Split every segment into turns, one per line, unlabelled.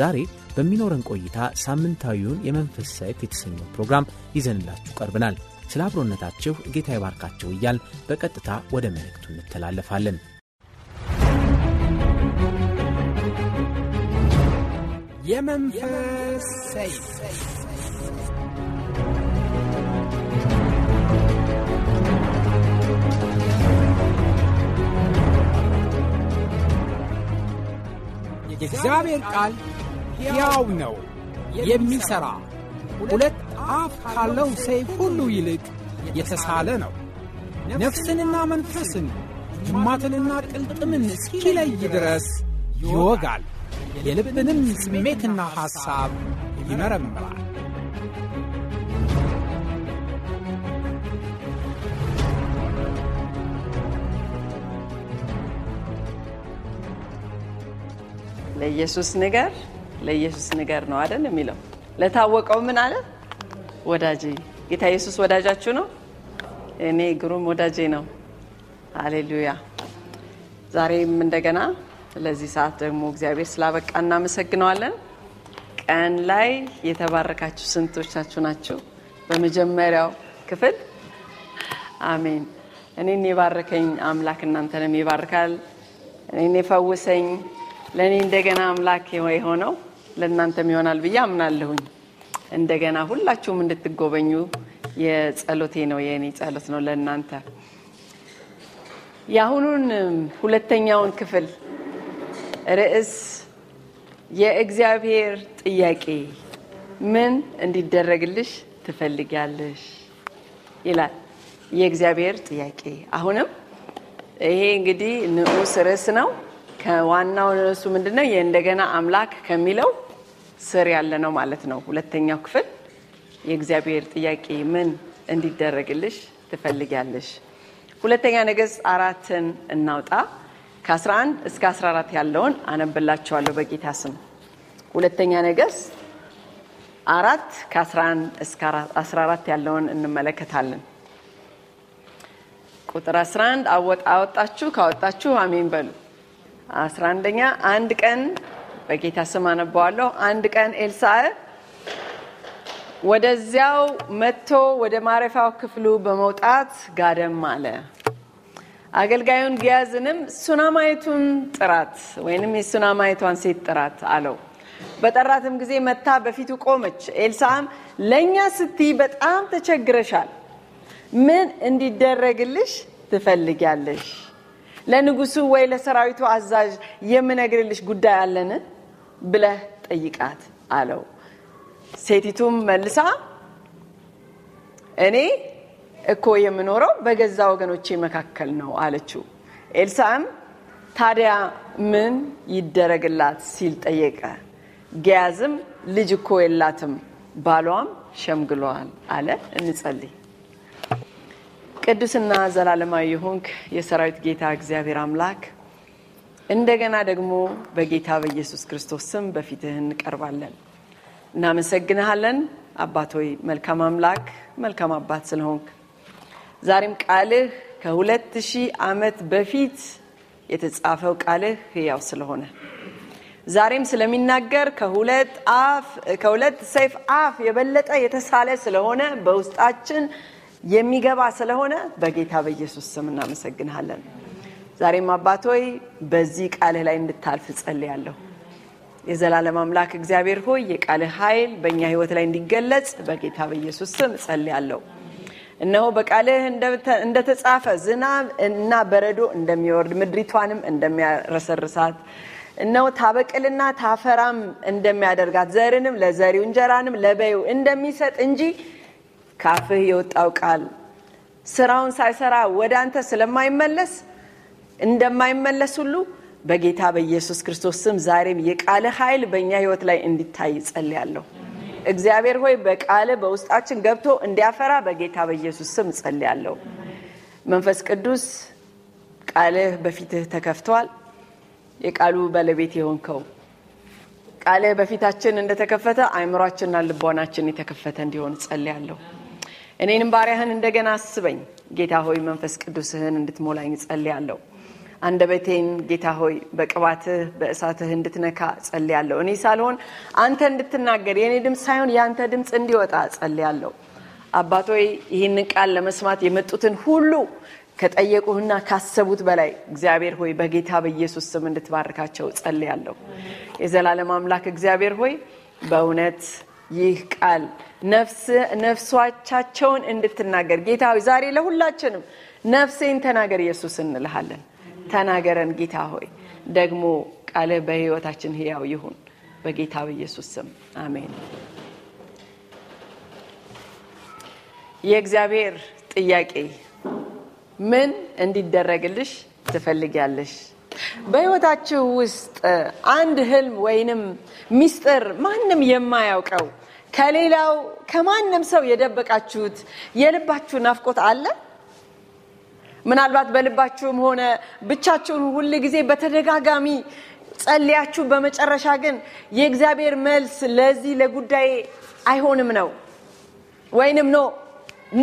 ዛሬ በሚኖረን ቆይታ ሳምንታዊውን የመንፈስ ሳይት የተሰኘው ፕሮግራም ይዘንላችሁ ቀርብናል። ስለ አብሮነታችሁ ጌታ ይባርካቸው እያል በቀጥታ ወደ መልእክቱ እንተላለፋለን። የመንፈስ ሰይፍ የእግዚአብሔር ቃል ሕያው ነው፣ የሚሠራ ሁለት አፍ ካለው ሰይፍ ሁሉ ይልቅ የተሳለ ነው፣ ነፍስንና መንፈስን ጅማትንና ቅልጥምን እስኪለይ ድረስ ይወጋል፣ የልብንም ስሜትና ሐሳብ ይመረምራል። ለኢየሱስ ንገር፣ ለኢየሱስ ንገር ነው አደል የሚለው። ለታወቀው ምን አለ? ወዳጄ። ጌታ ኢየሱስ ወዳጃችሁ ነው። እኔ ግሩም ወዳጄ ነው። አሌሉያ ዛሬም እንደገና ለዚህ ሰዓት ደግሞ እግዚአብሔር ስላበቃ እናመሰግነዋለን። ቀን ላይ የተባረካችሁ ስንቶቻችሁ ናቸው። በመጀመሪያው ክፍል አሜን። እኔን የባረከኝ አምላክ እናንተንም ይባርካል። እኔን የፈውሰኝ ለእኔ እንደገና አምላክ የሆነው ለእናንተም ይሆናል ብዬ አምናለሁኝ። እንደገና ሁላችሁም እንድትጎበኙ የጸሎቴ ነው፣ የእኔ ጸሎት ነው ለእናንተ። የአሁኑን ሁለተኛውን ክፍል ርዕስ የእግዚአብሔር ጥያቄ ምን እንዲደረግልሽ ትፈልጊያለሽ ይላል። የእግዚአብሔር ጥያቄ አሁንም ይሄ እንግዲህ ንዑስ ርዕስ ነው። ከዋናው እሱ ምንድነው የእንደገና አምላክ ከሚለው ስር ያለ ነው ማለት ነው። ሁለተኛው ክፍል የእግዚአብሔር ጥያቄ ምን እንዲደረግልሽ ትፈልጊያለሽ? ሁለተኛ ነገሥት አራትን እናውጣ ከ11 እስከ 14 ያለውን አነብላችኋለሁ በጌታ ስም። ሁለተኛ ነገሥት አራት ከ11 እስከ 14 ያለውን እንመለከታለን። ቁጥር 11 አወጣችሁ ካወጣችሁ አሜን በሉ። አስራ አንደኛ አንድ ቀን በጌታ ስም አነበዋለሁ አንድ ቀን ኤልሳ ወደዚያው መጥቶ ወደ ማረፊያው ክፍሉ በመውጣት ጋደም አለ። አገልጋዩን ጊያዝንም ሱናማይቱን ጥራት ወይንም የሱናማይቷን ሴት ጥራት አለው። በጠራትም ጊዜ መታ በፊቱ ቆመች። ኤልሳም ለእኛ ስትይ በጣም ተቸግረሻል። ምን እንዲደረግልሽ ትፈልጊያለሽ? ለንጉሱ ወይ ለሰራዊቱ አዛዥ የምነግርልሽ ጉዳይ አለን ብለህ ጠይቃት አለው። ሴቲቱም መልሳ እኔ እኮ የምኖረው በገዛ ወገኖቼ መካከል ነው አለችው። ኤልሳም ታዲያ ምን ይደረግላት ሲል ጠየቀ። ጊያዝም ልጅ እኮ የላትም፣ ባሏም ሸምግሏል አለ። እንጸልይ። ቅዱስና ዘላለማዊ የሆንክ የሰራዊት ጌታ እግዚአብሔር አምላክ እንደገና ደግሞ በጌታ በኢየሱስ ክርስቶስ ስም በፊትህ እንቀርባለን። እናመሰግንሃለን አባት ሆይ መልካም አምላክ መልካም አባት ስለሆንክ ዛሬም ቃልህ ከሁለት ሺህ ዓመት በፊት የተጻፈው ቃልህ ህያው ስለሆነ ዛሬም ስለሚናገር ከሁለት ሰይፍ አፍ የበለጠ የተሳለ ስለሆነ በውስጣችን የሚገባ ስለሆነ በጌታ በኢየሱስ ስም እናመሰግንሃለን። ዛሬም አባት ሆይ በዚህ ቃልህ ላይ እንድታልፍ ጸልያለሁ። የዘላለም አምላክ እግዚአብሔር ሆይ የቃልህ ኃይል በእኛ ህይወት ላይ እንዲገለጽ በጌታ በኢየሱስ ስም ጸልያለሁ። እነሆ በቃልህ እንደተጻፈ ዝናብ እና በረዶ እንደሚወርድ ምድሪቷንም እንደሚያረሰርሳት እነሆ ታበቅልና ታፈራም እንደሚያደርጋት ዘርንም ለዘሪው እንጀራንም ለበዩ እንደሚሰጥ እንጂ ካፍህ የወጣው ቃል ስራውን ሳይሰራ ወደ አንተ ስለማይመለስ እንደማይመለስ ሁሉ በጌታ በኢየሱስ ክርስቶስ ስም ዛሬም የቃል ኃይል በእኛ ህይወት ላይ እንዲታይ ጸልያለሁ። እግዚአብሔር ሆይ በቃል በውስጣችን ገብቶ እንዲያፈራ በጌታ በኢየሱስ ስም ጸልያለሁ። መንፈስ ቅዱስ ቃልህ በፊትህ ተከፍቷል። የቃሉ ባለቤት የሆንከው ቃልህ በፊታችን እንደተከፈተ አይምሯችንና ልቦናችን የተከፈተ እንዲሆን ጸልያለሁ። እኔንም ባሪያህን እንደገና አስበኝ። ጌታ ሆይ መንፈስ ቅዱስህን እንድትሞላኝ ጸልያለሁ። አንደበቴን ጌታ ሆይ በቅባትህ በእሳትህ እንድትነካ ጸልያለሁ። እኔ ሳልሆን አንተ እንድትናገር የእኔ ድምፅ ሳይሆን የአንተ ድምፅ እንዲወጣ ጸልያለሁ። አባቶይ ይህንን ቃል ለመስማት የመጡትን ሁሉ ከጠየቁህና ካሰቡት በላይ እግዚአብሔር ሆይ በጌታ በኢየሱስ ስም እንድትባርካቸው ጸልያለሁ። የዘላለም አምላክ እግዚአብሔር ሆይ በእውነት ይህ ቃል ነፍሶቻቸውን እንድትናገር ጌታዊ ዛሬ ለሁላችንም ነፍሴን ተናገር ኢየሱስ እንልሃለን። ተናገረን ጌታ ሆይ። ደግሞ ቃለ በህይወታችን ህያው ይሁን በጌታ በኢየሱስ ስም አሜን። የእግዚአብሔር ጥያቄ ምን እንዲደረግልሽ ትፈልጊያለሽ? በህይወታችሁ ውስጥ አንድ ህልም ወይንም ሚስጥር ማንም የማያውቀው ከሌላው ከማንም ሰው የደበቃችሁት የልባችሁ ናፍቆት አለ? ምናልባት በልባችሁም ሆነ ብቻችሁን ሁል ጊዜ በተደጋጋሚ ጸልያችሁ በመጨረሻ ግን የእግዚአብሔር መልስ ለዚህ ለጉዳይ አይሆንም ነው ወይንም ኖ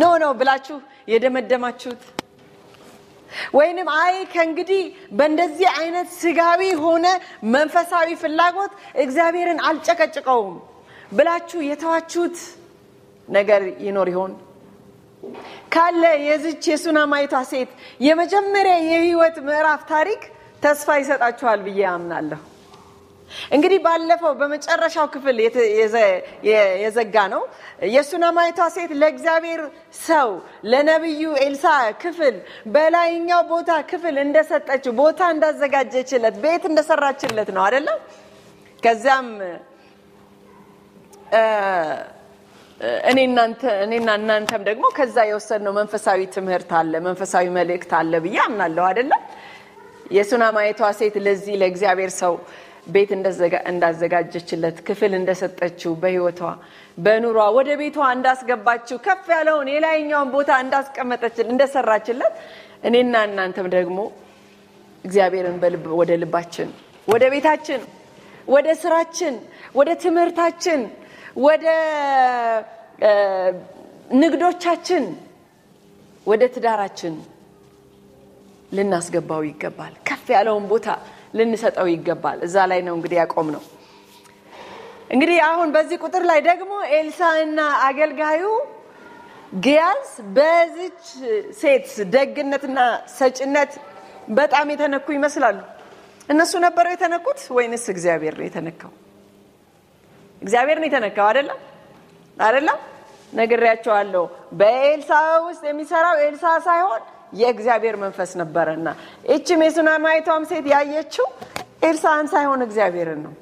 ኖ ነው ብላችሁ የደመደማችሁት ወይንም አይ ከእንግዲህ በእንደዚህ አይነት ስጋዊ ሆነ መንፈሳዊ ፍላጎት እግዚአብሔርን አልጨቀጭቀውም ብላችሁ የተዋችሁት ነገር ይኖር ይሆን? ካለ የዚች የሱናማይቷ ሴት የመጀመሪያ የህይወት ምዕራፍ ታሪክ ተስፋ ይሰጣችኋል ብዬ አምናለሁ። እንግዲህ ባለፈው በመጨረሻው ክፍል የዘጋ ነው። የሱናማይቷ ሴት ለእግዚአብሔር ሰው ለነቢዩ ኤልሳ ክፍል በላይኛው ቦታ ክፍል እንደሰጠችው ቦታ እንዳዘጋጀችለት ቤት እንደሰራችለት ነው አይደለም ከዚያም እኔ እናንተም ደግሞ ከዛ የወሰድነው መንፈሳዊ ትምህርት አለ፣ መንፈሳዊ መልእክት አለ ብዬ አምናለሁ። አይደለም ማየቷ ሴት ለዚህ ለእግዚአብሔር ሰው ቤት እንዳዘጋጀችለት ክፍል እንደሰጠችው በህይወቷ በኑሯ ወደ ቤቷ እንዳስገባችው ከፍ ያለውን የላይኛውን ቦታ እንዳስቀመጠችል እንደሰራችለት እኔና እናንተም ደግሞ እግዚአብሔርን ወደ ልባችን፣ ወደ ቤታችን፣ ወደ ስራችን፣ ወደ ትምህርታችን ወደ ንግዶቻችን፣ ወደ ትዳራችን ልናስገባው ይገባል። ከፍ ያለውን ቦታ ልንሰጠው ይገባል። እዛ ላይ ነው እንግዲህ ያቆም ነው። እንግዲህ አሁን በዚህ ቁጥር ላይ ደግሞ ኤልሳ እና አገልጋዩ ግያዝ በዚች ሴት ደግነትና ሰጭነት በጣም የተነኩ ይመስላሉ። እነሱ ነበረው የተነኩት ወይንስ እግዚአብሔር ነው የተነካው? እግዚአብሔር ነው የተነካው። አደለም አደለም ነግሬያቸዋለሁ። በኤልሳ ውስጥ የሚሰራው ኤልሳ ሳይሆን የእግዚአብሔር መንፈስ ነበረና እችም የሱናማይቷም ሴት ያየችው ኤልሳን ሳይሆን እግዚአብሔርን ነው።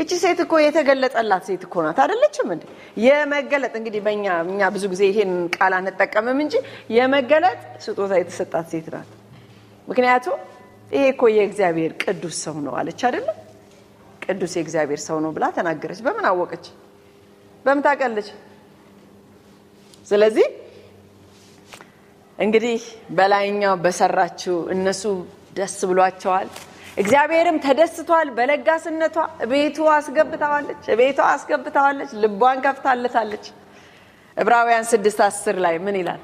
እቺ ሴት እኮ የተገለጠላት ሴት እኮ ናት። አይደለችም እንዴ? የመገለጥ እንግዲህ በእኛ እኛ ብዙ ጊዜ ይሄን ቃል አንጠቀምም እንጂ የመገለጥ ስጦታ የተሰጣት ሴት ናት። ምክንያቱም ይሄ እኮ የእግዚአብሔር ቅዱስ ሰው ነው አለች አይደለም ቅዱስ የእግዚአብሔር ሰው ነው ብላ ተናገረች። በምን አወቀች? በምን ታቀለች ስለዚህ እንግዲህ በላይኛው በሰራችው እነሱ ደስ ብሏቸዋል። እግዚአብሔርም ተደስቷል። በለጋስነቷ ቤቱ አስገብታዋለች፣ ቤቷ አስገብታዋለች፣ ልቧን ከፍታለታለች። ዕብራውያን ስድስት አስር ላይ ምን ይላል?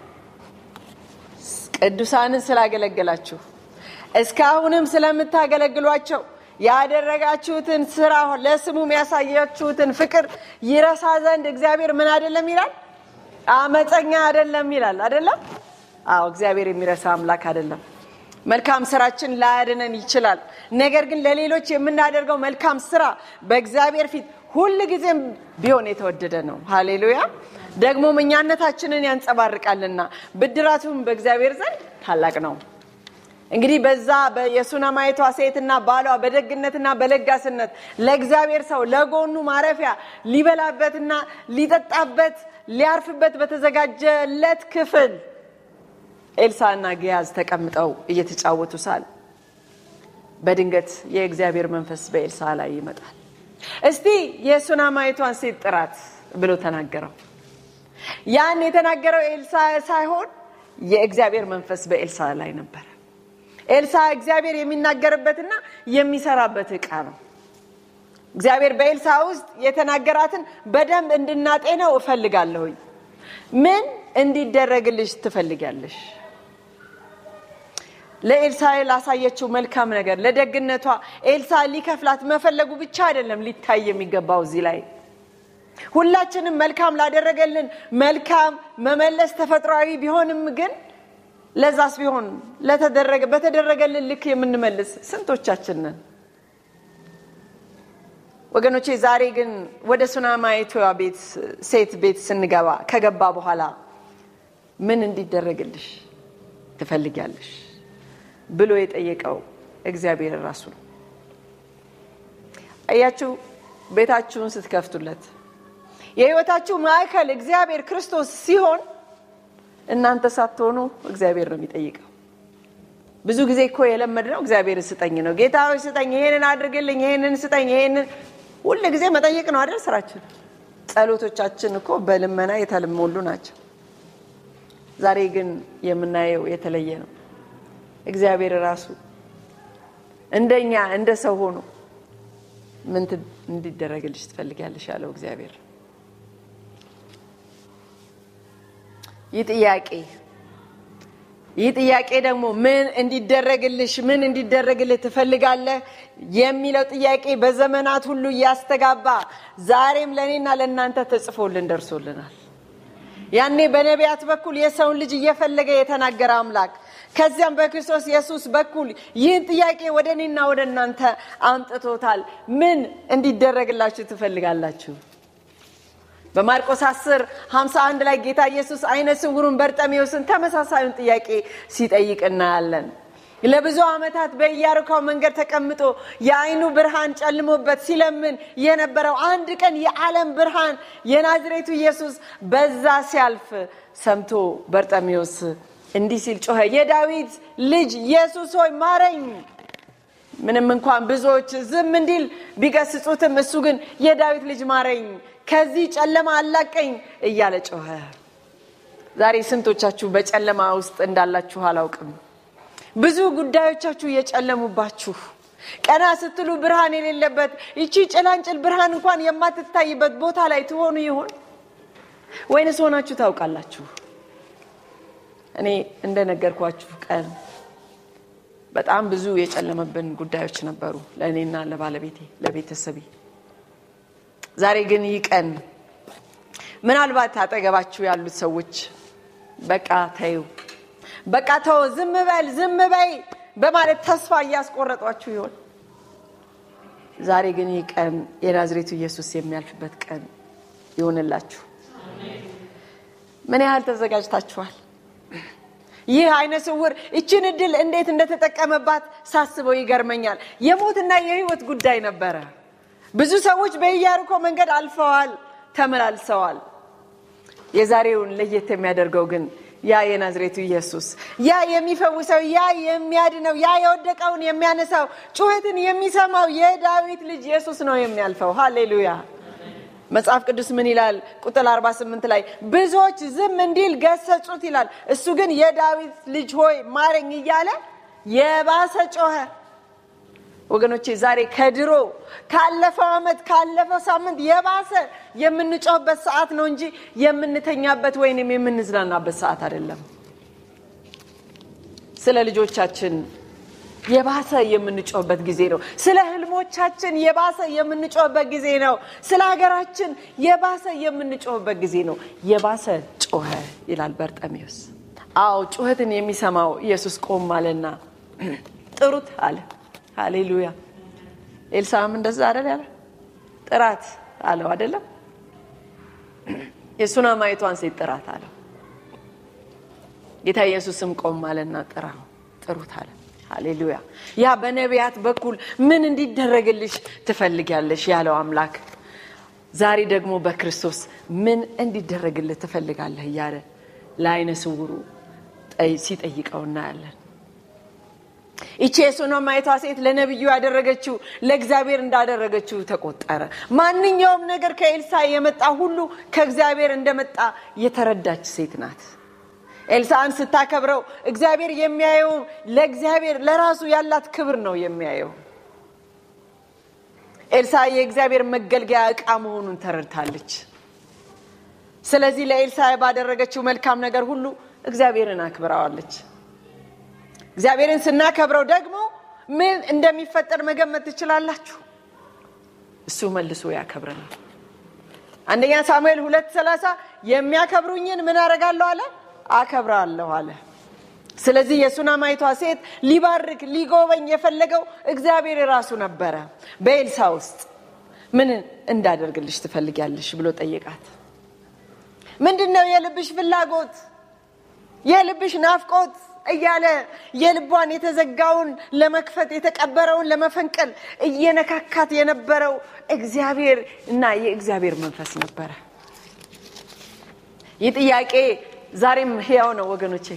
ቅዱሳንን ስላገለገላችሁ እስካሁንም ስለምታገለግሏቸው ያደረጋችሁትን ስራ ለስሙ የሚያሳያችሁትን ፍቅር ይረሳ ዘንድ እግዚአብሔር ምን አይደለም ይላል? አመፀኛ አይደለም ይላል። አይደለም? አዎ እግዚአብሔር የሚረሳ አምላክ አይደለም። መልካም ስራችን ላያድነን ይችላል። ነገር ግን ለሌሎች የምናደርገው መልካም ስራ በእግዚአብሔር ፊት ሁል ጊዜም ቢሆን የተወደደ ነው። ሃሌሉያ! ደግሞ እኛነታችንን ያንጸባርቃልና ብድራቱም በእግዚአብሔር ዘንድ ታላቅ ነው። እንግዲህ በዛ የሱነማይቷ ሴትና ባሏ በደግነትና በለጋስነት ለእግዚአብሔር ሰው ለጎኑ ማረፊያ ሊበላበትና ሊጠጣበት ሊያርፍበት በተዘጋጀለት ክፍል ኤልሳና ግያዝ ተቀምጠው እየተጫወቱ ሳል በድንገት የእግዚአብሔር መንፈስ በኤልሳ ላይ ይመጣል። እስቲ የሱናማይቷን ሴት ጥራት ብሎ ተናገረው። ያን የተናገረው ኤልሳ ሳይሆን የእግዚአብሔር መንፈስ በኤልሳ ላይ ነበረ። ኤልሳ እግዚአብሔር የሚናገርበትና የሚሰራበት እቃ ነው። እግዚአብሔር በኤልሳ ውስጥ የተናገራትን በደንብ እንድናጤነው እፈልጋለሁኝ። ምን እንዲደረግልሽ ትፈልጊያለሽ? ለኤልሳ ላሳየችው መልካም ነገር ለደግነቷ ኤልሳ ሊከፍላት መፈለጉ ብቻ አይደለም ሊታይ የሚገባው እዚህ ላይ ሁላችንም መልካም ላደረገልን መልካም መመለስ ተፈጥሯዊ ቢሆንም ግን ለዛስ ቢሆን ለተደረገ በተደረገልን ልክ የምንመልስ ስንቶቻችን ነን? ወገኖቼ ዛሬ ግን ወደ ሱናማይቷ ቤት ሴት ቤት ስንገባ ከገባ በኋላ ምን እንዲደረግልሽ ትፈልጊያለሽ ብሎ የጠየቀው እግዚአብሔር ራሱ ነው። አያችሁ፣ ቤታችሁን ስትከፍቱለት የህይወታችሁ ማዕከል እግዚአብሔር ክርስቶስ ሲሆን እናንተ ሳትሆኑ እግዚአብሔር ነው የሚጠይቀው። ብዙ ጊዜ እኮ ነው እግዚአብሔር ስጠኝ ነው። ጌታ ሆይ ስጠኝ፣ ይሄንን አድርግልኝ፣ ይሄንን ስጠኝ፣ ይሄንን ሁሉ ጊዜ መጠየቅ ነው አደል ስራችን። ጸሎቶቻችን እኮ በልመና የተሞሉ ናቸው። ዛሬ ግን የምናየው የተለየ ነው። እግዚአብሔር ራሱ እንደኛ እንደ ሰው ሆኖ ምን እንዲደረግልሽ ትፈልጊያለሽ ያለው እግዚአብሔር ይህ ጥያቄ ይህ ጥያቄ ደግሞ ምን እንዲደረግልሽ ምን እንዲደረግልህ ትፈልጋለህ የሚለው ጥያቄ በዘመናት ሁሉ እያስተጋባ ዛሬም ለእኔና ለእናንተ ተጽፎልን ደርሶልናል። ያኔ በነቢያት በኩል የሰውን ልጅ እየፈለገ የተናገረ አምላክ ከዚያም በክርስቶስ ኢየሱስ በኩል ይህን ጥያቄ ወደ እኔና ወደ እናንተ አምጥቶታል። ምን እንዲደረግላችሁ ትፈልጋላችሁ? በማርቆስ 10 51 ላይ ጌታ ኢየሱስ አይነ ስውሩን በርጠሜዎስን ተመሳሳዩን ጥያቄ ሲጠይቅ እናያለን። ለብዙ ዓመታት በኢያሪኮው መንገድ ተቀምጦ የአይኑ ብርሃን ጨልሞበት ሲለምን የነበረው አንድ ቀን የዓለም ብርሃን የናዝሬቱ ኢየሱስ በዛ ሲያልፍ ሰምቶ በርጠሚዎስ እንዲህ ሲል ጮኸ፣ የዳዊት ልጅ ኢየሱስ ሆይ ማረኝ። ምንም እንኳን ብዙዎች ዝም እንዲል ቢገስጹትም እሱ ግን የዳዊት ልጅ ማረኝ ከዚህ ጨለማ አላቀኝ እያለ ጮኸ። ዛሬ ስንቶቻችሁ በጨለማ ውስጥ እንዳላችሁ አላውቅም። ብዙ ጉዳዮቻችሁ የጨለሙባችሁ ቀና ስትሉ ብርሃን የሌለበት ይቺ ጭላንጭል ብርሃን እንኳን የማትታይበት ቦታ ላይ ትሆኑ ይሆን ወይንስ ሆናችሁ ታውቃላችሁ? እኔ እንደነገርኳችሁ ቀን በጣም ብዙ የጨለመብን ጉዳዮች ነበሩ፣ ለእኔና ለባለቤቴ ለቤተሰቤ ዛሬ ግን ይቀን ምናልባት አጠገባችሁ ያሉት ሰዎች በቃ ተዩ፣ በቃ ተው፣ ዝም በል፣ ዝም በይ በማለት ተስፋ እያስቆረጧችሁ ይሆን? ዛሬ ግን ይህ ቀን የናዝሬቱ ኢየሱስ የሚያልፍበት ቀን ይሆንላችሁ። ምን ያህል ተዘጋጅታችኋል? ይህ አይነ ስውር ይችን እድል እንዴት እንደተጠቀመባት ሳስበው ይገርመኛል። የሞትና የህይወት ጉዳይ ነበረ። ብዙ ሰዎች በኢያሪኮ መንገድ አልፈዋል፣ ተመላልሰዋል። የዛሬውን ለየት የሚያደርገው ግን ያ የናዝሬቱ ኢየሱስ ያ የሚፈውሰው ያ የሚያድነው ያ የወደቀውን የሚያነሳው ጩኸትን የሚሰማው የዳዊት ልጅ ኢየሱስ ነው የሚያልፈው። ሃሌሉያ! መጽሐፍ ቅዱስ ምን ይላል? ቁጥር 48 ላይ ብዙዎች ዝም እንዲል ገሰጹት ይላል። እሱ ግን የዳዊት ልጅ ሆይ ማረኝ እያለ የባሰ ጮኸ። ወገኖቼ ዛሬ ከድሮ ካለፈው ዓመት ካለፈው ሳምንት የባሰ የምንጮህበት ሰዓት ነው እንጂ የምንተኛበት ወይንም የምንዝናናበት ሰዓት አይደለም። ስለ ልጆቻችን የባሰ የምንጮህበት ጊዜ ነው። ስለ ህልሞቻችን የባሰ የምንጮህበት ጊዜ ነው። ስለ ሀገራችን የባሰ የምንጮህበት ጊዜ ነው። የባሰ ጮኸ ይላል በርጠሜዎስ። አዎ ጩኸትን የሚሰማው ኢየሱስ ቆም አለና ጥሩት አለ። ሀሌሉያ። ኤልሳም እንደዛ አደል ያለ ጥራት አለው አደለም? የሱና ማየቷን ሴት ጥራት አለው። ጌታ ኢየሱስም ቆም አለና ጥራ ጥሩት አለ። ሀሌሉያ። ያ በነቢያት በኩል ምን እንዲደረግልሽ ትፈልጊያለሽ ያለው አምላክ ዛሬ ደግሞ በክርስቶስ ምን እንዲደረግልህ ትፈልጋለህ እያለ ለአይነ ስውሩ ሲጠይቀው እናያለን። ይቺ የሱነማይቷ ሴት ለነቢዩ ያደረገችው ለእግዚአብሔር እንዳደረገችው ተቆጠረ። ማንኛውም ነገር ከኤልሳ የመጣ ሁሉ ከእግዚአብሔር እንደመጣ የተረዳች ሴት ናት። ኤልሳን ስታከብረው እግዚአብሔር የሚያየው ለእግዚአብሔር ለራሱ ያላት ክብር ነው የሚያየው። ኤልሳ የእግዚአብሔር መገልገያ ዕቃ መሆኑን ተረድታለች። ስለዚህ ለኤልሳ ባደረገችው መልካም ነገር ሁሉ እግዚአብሔርን አክብራዋለች። እግዚአብሔርን ስናከብረው ደግሞ ምን እንደሚፈጠር መገመት ትችላላችሁ? እሱ መልሶ ያከብረናል። አንደኛ ሳሙኤል ሁለት ሰላሳ የሚያከብሩኝን ምን አረጋለሁ አለ አከብራለሁ አለ። ስለዚህ የሱናማይቷ ሴት ሊባርክ ሊጎበኝ የፈለገው እግዚአብሔር ራሱ ነበረ። በኤልሳ ውስጥ ምን እንዳደርግልሽ ትፈልጊያለሽ ብሎ ጠየቃት። ምንድን ነው የልብሽ ፍላጎት? የልብሽ ናፍቆት እያለ የልቧን የተዘጋውን ለመክፈት የተቀበረውን ለመፈንቀል እየነካካት የነበረው እግዚአብሔር እና የእግዚአብሔር መንፈስ ነበረ። ይህ ጥያቄ ዛሬም ሕያው ነው ወገኖቼ።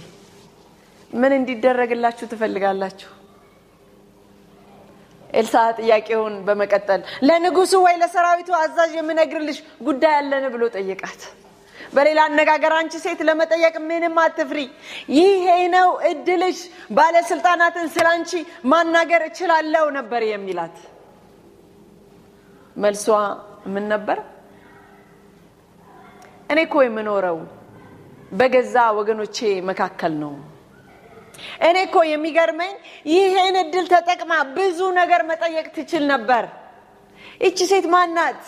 ምን እንዲደረግላችሁ ትፈልጋላችሁ? ኤልሳ ጥያቄውን በመቀጠል ለንጉሱ ወይ ለሰራዊቱ አዛዥ የምነግርልሽ ጉዳይ አለን ብሎ ጠየቃት። በሌላ አነጋገር አንቺ ሴት ለመጠየቅ ምንም አትፍሪ። ይሄ ነው እድልሽ፣ ባለስልጣናትን አንቺ ማናገር እችላለሁ ነበር የሚላት። መልሷ ምን ነበር? እኔ እኮ የምኖረው በገዛ ወገኖቼ መካከል ነው። እኔ እኮ የሚገርመኝ ይሄን እድል ተጠቅማ ብዙ ነገር መጠየቅ ትችል ነበር። ይቺ ሴት ማናት?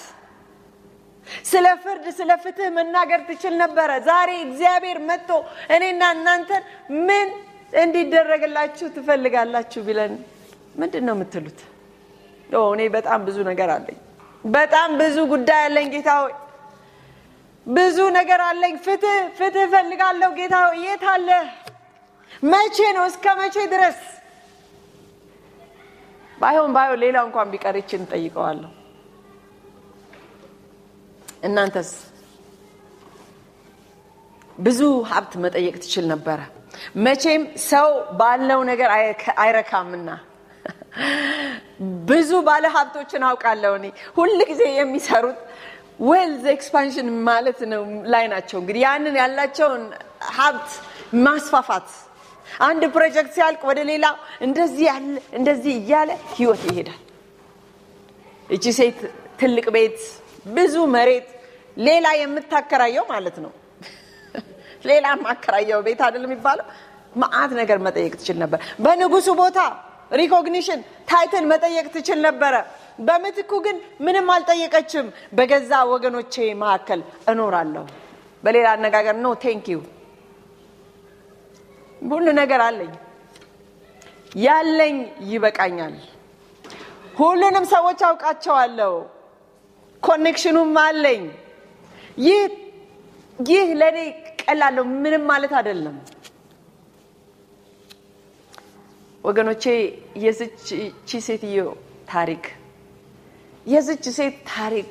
ስለ ፍርድ ስለ ፍትህ መናገር ትችል ነበረ። ዛሬ እግዚአብሔር መጥቶ እኔና እናንተን ምን እንዲደረግላችሁ ትፈልጋላችሁ ቢለን ምንድን ነው የምትሉት? እኔ በጣም ብዙ ነገር አለኝ፣ በጣም ብዙ ጉዳይ አለኝ ጌታ ሆይ፣ ብዙ ነገር አለኝ። ፍትህ ፍትህ እፈልጋለሁ ጌታ ሆይ፣ የት አለ? መቼ ነው? እስከ መቼ ድረስ? ባይሆን ባይሆን ሌላ እንኳን ቢቀር ይችን እጠይቀዋለሁ እናንተስ ብዙ ሀብት መጠየቅ ትችል ነበረ። መቼም ሰው ባለው ነገር አይረካምና ብዙ ባለ ሀብቶችን አውቃለሁ እኔ ሁል ጊዜ የሚሰሩት ዌልዝ ኤክስፓንሽን ማለት ነው ላይ ናቸው። እንግዲህ ያንን ያላቸውን ሀብት ማስፋፋት አንድ ፕሮጀክት ሲያልቅ ወደ ሌላ እንደዚህ እንደዚህ እያለ ህይወት ይሄዳል። እቺ ሴት ትልቅ ቤት ብዙ መሬት ሌላ የምታከራየው ማለት ነው። ሌላ ማከራየው ቤት አይደል የሚባለው። መዓት ነገር መጠየቅ ትችል ነበር። በንጉሱ ቦታ ሪኮግኒሽን ታይትን መጠየቅ ትችል ነበረ። በምትኩ ግን ምንም አልጠየቀችም። በገዛ ወገኖቼ መካከል እኖራለሁ። በሌላ አነጋገር ኖ ቴንክ ዩ ሁሉ ነገር አለኝ፣ ያለኝ ይበቃኛል። ሁሉንም ሰዎች አውቃቸዋለሁ። ኮኔክሽኑም አለኝ። ይህ ይህ ለእኔ ቀላል ምንም ማለት አይደለም ወገኖቼ። የዝቺ ሴትዮ ታሪክ የዝች ሴት ታሪክ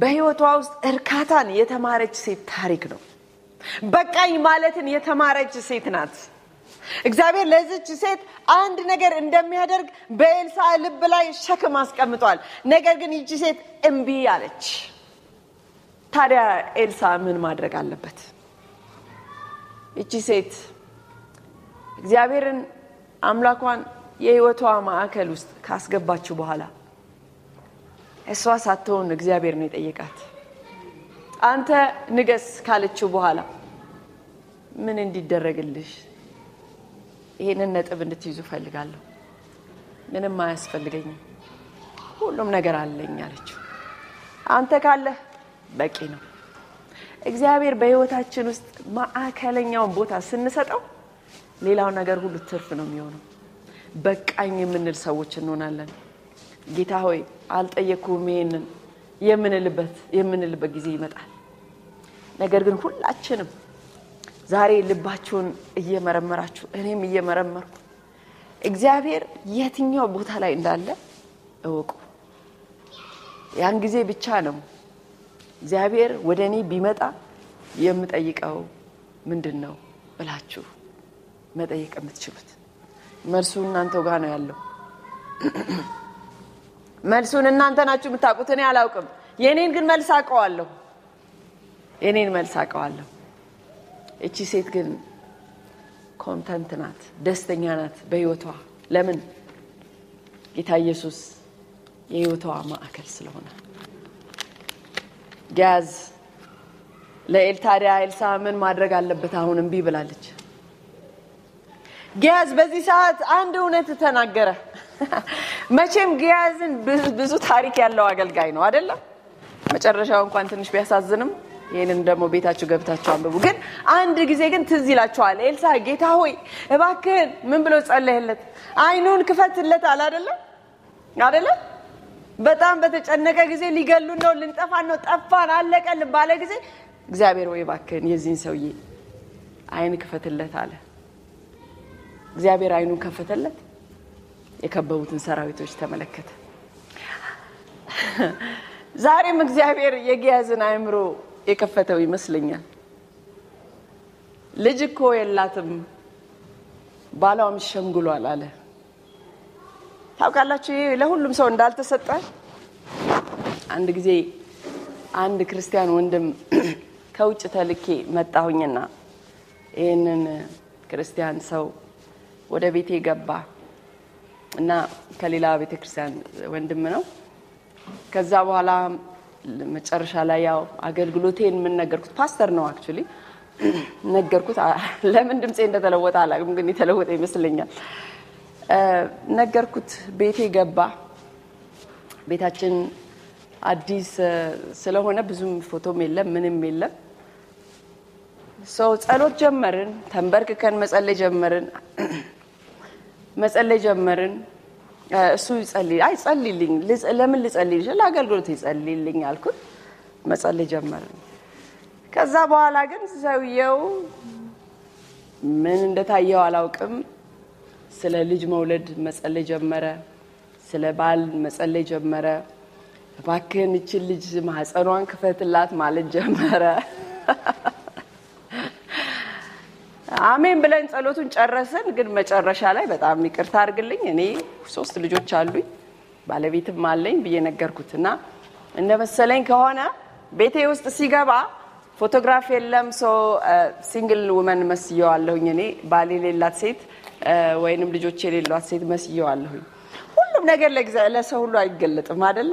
በህይወቷ ውስጥ እርካታን የተማረች ሴት ታሪክ ነው። በቃኝ ማለትን የተማረች ሴት ናት። እግዚአብሔር ለዚች ሴት አንድ ነገር እንደሚያደርግ በኤልሳ ልብ ላይ ሸክም አስቀምጧል። ነገር ግን ይቺ ሴት እምቢ አለች። ታዲያ ኤልሳ ምን ማድረግ አለበት? ይቺ ሴት እግዚአብሔርን አምላኳን የህይወቷ ማዕከል ውስጥ ካስገባችሁ በኋላ እሷ ሳትሆን እግዚአብሔር ነው የጠየቃት። አንተ ንገስ ካለችው በኋላ ምን እንዲደረግልሽ ይህንን ነጥብ እንድትይዙ ፈልጋለሁ። ምንም አያስፈልገኝም፣ ሁሉም ነገር አለኝ አለችው። አንተ ካለህ በቂ ነው። እግዚአብሔር በሕይወታችን ውስጥ ማዕከለኛውን ቦታ ስንሰጠው ሌላው ነገር ሁሉ ትርፍ ነው የሚሆነው። በቃኝ የምንል ሰዎች እንሆናለን። ጌታ ሆይ አልጠየኩም ይሄንን የምንልበት የምንልበት ጊዜ ይመጣል። ነገር ግን ሁላችንም ዛሬ ልባችሁን እየመረመራችሁ እኔም እየመረመርኩ እግዚአብሔር የትኛው ቦታ ላይ እንዳለ እወቁ። ያን ጊዜ ብቻ ነው እግዚአብሔር ወደ እኔ ቢመጣ የምጠይቀው ምንድን ነው ብላችሁ መጠየቅ የምትችሉት። መልሱ እናንተው ጋር ነው ያለው። መልሱን እናንተ ናችሁ የምታውቁት፣ እኔ አላውቅም። የእኔን ግን መልስ አውቀዋለሁ። የእኔን መልስ አውቀዋለሁ። እቺ ሴት ግን ኮንተንት ናት፣ ደስተኛ ናት በህይወቷ። ለምን? ጌታ ኢየሱስ የህይወቷ ማዕከል ስለሆነ። ጊያዝ ለኤል ታዲያ ኤልሳ ምን ማድረግ አለበት? አሁን እምቢ ብላለች። ጊያዝ በዚህ ሰዓት አንድ እውነት ተናገረ። መቼም ጊያዝን ብዙ ታሪክ ያለው አገልጋይ ነው አይደለም። መጨረሻው እንኳን ትንሽ ቢያሳዝንም ይህንን ደግሞ ቤታችሁ ገብታችሁ አንብቡ። ግን አንድ ጊዜ ግን ትዝ ይላችኋል። ኤልሳ ጌታ ሆይ እባክህን ምን ብሎ ጸለየለት? አይኑን ክፈትለት አለ አደለም? አደለም? በጣም በተጨነቀ ጊዜ ሊገሉን ነው፣ ልንጠፋን ነው፣ ጠፋን፣ አለቀን ባለ ጊዜ እግዚአብሔር ወይ እባክህን የዚህን ሰውዬ አይን ክፈትለት አለ። እግዚአብሔር አይኑን ከፈተለት። የከበቡትን ሰራዊቶች ተመለከተ። ዛሬም እግዚአብሔር የጊያዝን አእምሮ የከፈተው ይመስለኛል። ልጅ እኮ የላትም ባሏም ሸምግሏል አለ። ታውቃላችሁ ይህ ለሁሉም ሰው እንዳልተሰጠ አንድ ጊዜ አንድ ክርስቲያን ወንድም ከውጭ ተልኬ መጣሁኝና ይህንን ክርስቲያን ሰው ወደ ቤቴ ገባ እና ከሌላ ቤተ ክርስቲያን ወንድም ነው። ከዛ በኋላ መጨረሻ ላይ ያው አገልግሎቴን ምን ነገርኩት፣ ፓስተር ነው አክቹሊ ነገርኩት። ለምን ድምፄ እንደተለወጠ አላውቅም፣ ግን የተለወጠ ይመስለኛል። ነገርኩት። ቤቴ ገባ። ቤታችን አዲስ ስለሆነ ብዙም ፎቶም የለም ምንም የለም። ሰው ጸሎት ጀመርን። ተንበርክከን መጸለይ ጀመርን መጸለይ ጀመርን። እሱ ይጸልይ አይ ጸልይልኝ ለምን ልጸልይ ይችላል አገልግሎት ይጸልይልኝ አልኩት መጸለይ ጀመር ከዛ በኋላ ግን ሰውየው ምን እንደታየው አላውቅም ስለ ልጅ መውለድ መጸለይ ጀመረ ስለ ባል መጸለይ ጀመረ ባክህን እችን ልጅ ማህፀኗን ክፈትላት ማለት ጀመረ አሜን ብለን ጸሎቱን ጨረስን። ግን መጨረሻ ላይ በጣም ይቅርታ አድርግልኝ፣ እኔ ሶስት ልጆች አሉኝ ባለቤትም አለኝ ብዬ ነገርኩት እና እንደ ከሆነ ቤቴ ውስጥ ሲገባ ፎቶግራፍ የለም። ሶ ሲንግል ውመን መስየዋለሁኝ። እኔ ባል የሌላት ሴት ወይንም ልጆች የሌሏት ሴት መስየዋለሁኝ። ሁሉም ነገር ለሰው ሁሉ አይገለጥም አደለ?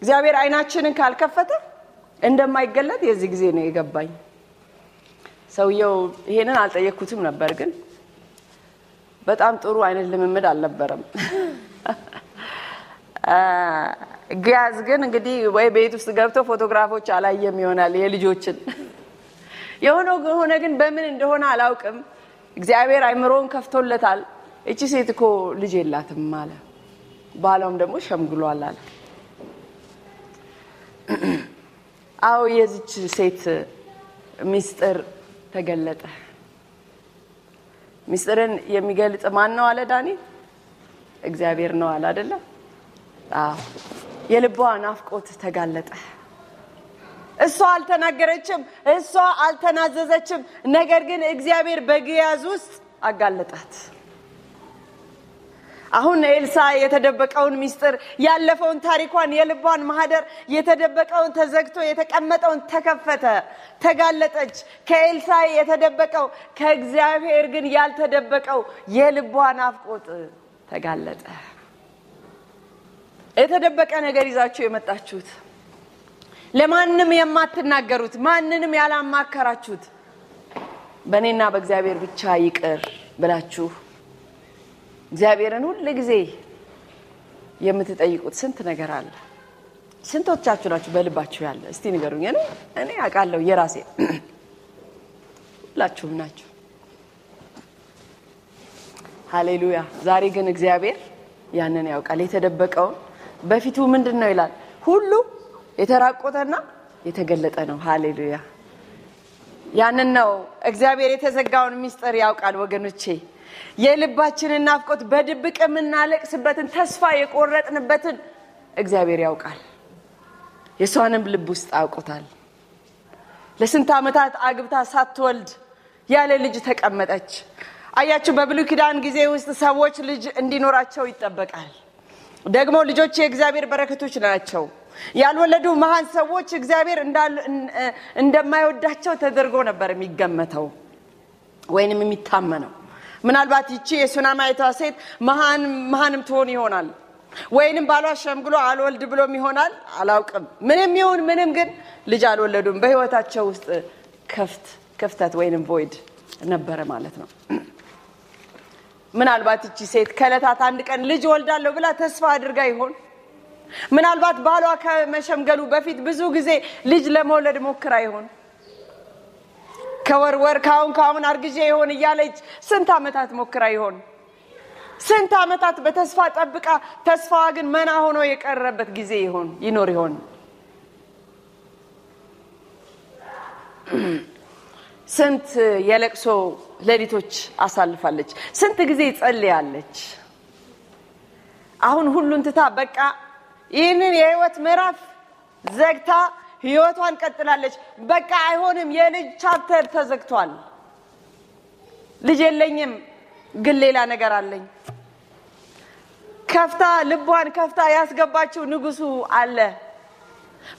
እግዚአብሔር አይናችንን ካልከፈተ እንደማይገለጥ የዚህ ጊዜ ነው የገባኝ። ሰውየው ይሄንን አልጠየቅኩትም ነበር፣ ግን በጣም ጥሩ አይነት ልምምድ አልነበረም። ግያዝ ግን እንግዲህ ወይ ቤት ውስጥ ገብቶ ፎቶግራፎች አላየም ይሆናል የልጆችን። የሆነ ሆነ ግን በምን እንደሆነ አላውቅም፣ እግዚአብሔር አይምሮውን ከፍቶለታል። እቺ ሴት እኮ ልጅ የላትም አለ። ባሏም ደግሞ ሸምግሏል አለ። አዎ የዚች ሴት ሚስጥር ተገለጠ። ምስጢርን የሚገልጽ ማን ነው አለ ዳኒ። እግዚአብሔር ነው አለ አይደለም? የልቧ ናፍቆት ተጋለጠ። እሷ አልተናገረችም፣ እሷ አልተናዘዘችም። ነገር ግን እግዚአብሔር በግያዝ ውስጥ አጋለጣት። አሁን ኤልሳ የተደበቀውን ሚስጥር ያለፈውን ታሪኳን የልቧን ማህደር የተደበቀውን ተዘግቶ የተቀመጠውን ተከፈተ፣ ተጋለጠች። ከኤልሳ የተደበቀው ከእግዚአብሔር ግን ያልተደበቀው የልቧን አፍቆጥ ተጋለጠ። የተደበቀ ነገር ይዛችሁ የመጣችሁት ለማንም የማትናገሩት ማንንም ያላማከራችሁት በእኔና በእግዚአብሔር ብቻ ይቅር ብላችሁ እግዚአብሔርን ሁል ጊዜ የምትጠይቁት ስንት ነገር አለ። ስንቶቻችሁ ናችሁ በልባችሁ ያለ? እስቲ ንገሩኝ። እኔ እኔ አውቃለሁ የራሴ ሁላችሁም ናችሁ። ሀሌሉያ ዛሬ ግን እግዚአብሔር ያንን ያውቃል፣ የተደበቀውን በፊቱ ምንድን ነው ይላል። ሁሉ የተራቆተና የተገለጠ ነው። ሃሌሉያ። ያንን ነው እግዚአብሔር የተዘጋውን ምስጢር ያውቃል ወገኖቼ። የልባችንን ናፍቆት በድብቅ የምናለቅስበትን ተስፋ የቆረጥንበትን እግዚአብሔር ያውቃል። የሰዋንም ልብ ውስጥ አውቆታል። ለስንት ዓመታት አግብታ ሳትወልድ ያለ ልጅ ተቀመጠች። አያችሁ፣ በብሉ ኪዳን ጊዜ ውስጥ ሰዎች ልጅ እንዲኖራቸው ይጠበቃል። ደግሞ ልጆች የእግዚአብሔር በረከቶች ናቸው። ያልወለዱ መሀን ሰዎች እግዚአብሔር እንደማይወዳቸው ተደርጎ ነበር የሚገመተው ወይንም የሚታመነው። ምናልባት ይቺ የሱናማይቷ ሴት መሀንም ትሆን ይሆናል። ወይንም ባሏ ሸምግሎ አልወልድ ብሎም ይሆናል። አላውቅም። ምንም ይሁን ምንም ግን ልጅ አልወለዱም። በህይወታቸው ውስጥ ከፍት ክፍተት ወይንም ቮይድ ነበረ ማለት ነው። ምናልባት ይቺ ሴት ከእለታት አንድ ቀን ልጅ ወልዳለሁ ብላ ተስፋ አድርጋ ይሆን? ምናልባት ባሏ ከመሸምገሉ በፊት ብዙ ጊዜ ልጅ ለመውለድ ሞክራ ይሆን? ከወር ወር ካሁን ካሁን አርግዤ ይሆን እያለች ስንት ዓመታት ሞክራ ይሆን? ስንት ዓመታት በተስፋ ጠብቃ ተስፋዋ ግን መና ሆኖ የቀረበት ጊዜ ይሆን ይኖር ይሆን? ስንት የለቅሶ ሌሊቶች አሳልፋለች። ስንት ጊዜ ጸልያለች። አሁን ሁሉን ትታ በቃ ይህንን የህይወት ምዕራፍ ዘግታ ህይወቷን ቀጥላለች። በቃ አይሆንም፣ የልጅ ቻፕተር ተዘግቷል። ልጅ የለኝም፣ ግን ሌላ ነገር አለኝ። ከፍታ ልቧን ከፍታ ያስገባችው ንጉሱ አለ።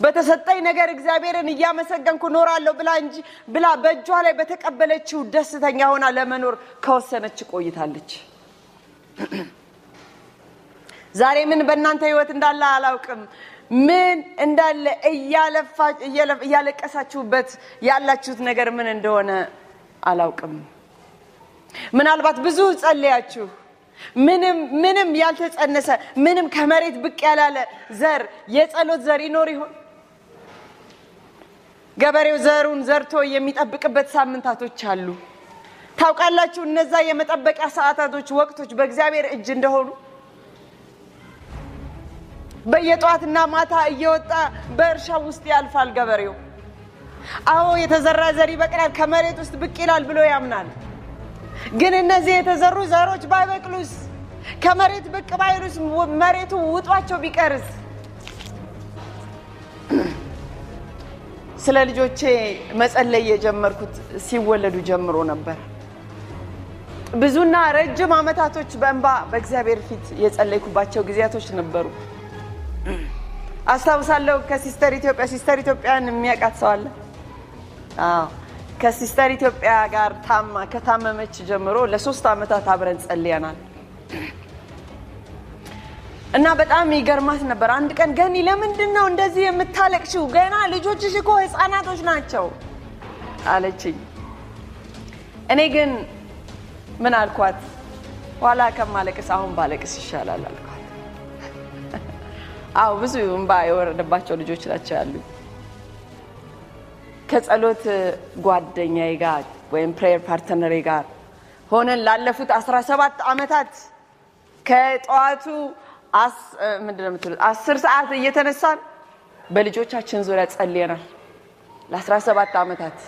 በተሰጠኝ ነገር እግዚአብሔርን እያመሰገንኩ ኖራለሁ ብላ እንጂ ብላ በእጇ ላይ በተቀበለችው ደስተኛ ሆና ለመኖር ከወሰነች ቆይታለች። ዛሬ ምን በእናንተ ህይወት እንዳለ አላውቅም። ምን እንዳለ እያለቀሳችሁበት ያላችሁት ነገር ምን እንደሆነ አላውቅም። ምናልባት ብዙ ጸለያችሁ ምንም ምንም ያልተጸነሰ ምንም ከመሬት ብቅ ያላለ ዘር የጸሎት ዘር ይኖር ይሆን? ገበሬው ዘሩን ዘርቶ የሚጠብቅበት ሳምንታቶች አሉ። ታውቃላችሁ፣ እነዛ የመጠበቂያ ሰዓታቶች፣ ወቅቶች በእግዚአብሔር እጅ እንደሆኑ በየጧትና ማታ እየወጣ በእርሻ ውስጥ ያልፋል ገበሬው። አዎ የተዘራ ዘር ይበቅላል ከመሬት ውስጥ ብቅ ይላል ብሎ ያምናል። ግን እነዚህ የተዘሩ ዘሮች ባይበቅሉስ? ከመሬት ብቅ ባይሉስ? መሬቱ ውጧቸው ቢቀርስ? ስለ ልጆቼ መጸለይ የጀመርኩት ሲወለዱ ጀምሮ ነበር። ብዙና ረጅም ዓመታቶች በእንባ በእግዚአብሔር ፊት የጸለይኩባቸው ጊዜያቶች ነበሩ። አስታውሳለሁ። ከሲስተር ኢትዮጵያ ሲስተር ኢትዮጵያን የሚያውቃት ሰው አለ? አዎ። ከሲስተር ኢትዮጵያ ጋር ታማ ከታመመች ጀምሮ ለሶስት ዓመታት አብረን ጸልያናል እና በጣም ይገርማት ነበር። አንድ ቀን ገኒ ለምንድን ነው እንደዚህ የምታለቅሽው? ገና ልጆችሽ እኮ ህፃናቶች ናቸው አለችኝ። እኔ ግን ምን አልኳት? ኋላ ከማለቅስ አሁን ባለቅስ ይሻላል አልኩ። አዎ ብዙ እንባ የወረደባቸው ልጆች ናቸው ያሉ። ከጸሎት ጓደኛዬ ጋር ወይም ፕሬየር ፓርትነሬ ጋር ሆነን ላለፉት 17 ዓመታት ከጠዋቱ ምንድን ነው የምትሉት አስር ሰዓት እየተነሳን በልጆቻችን ዙሪያ ጸልየናል ለ17 ዓመታት።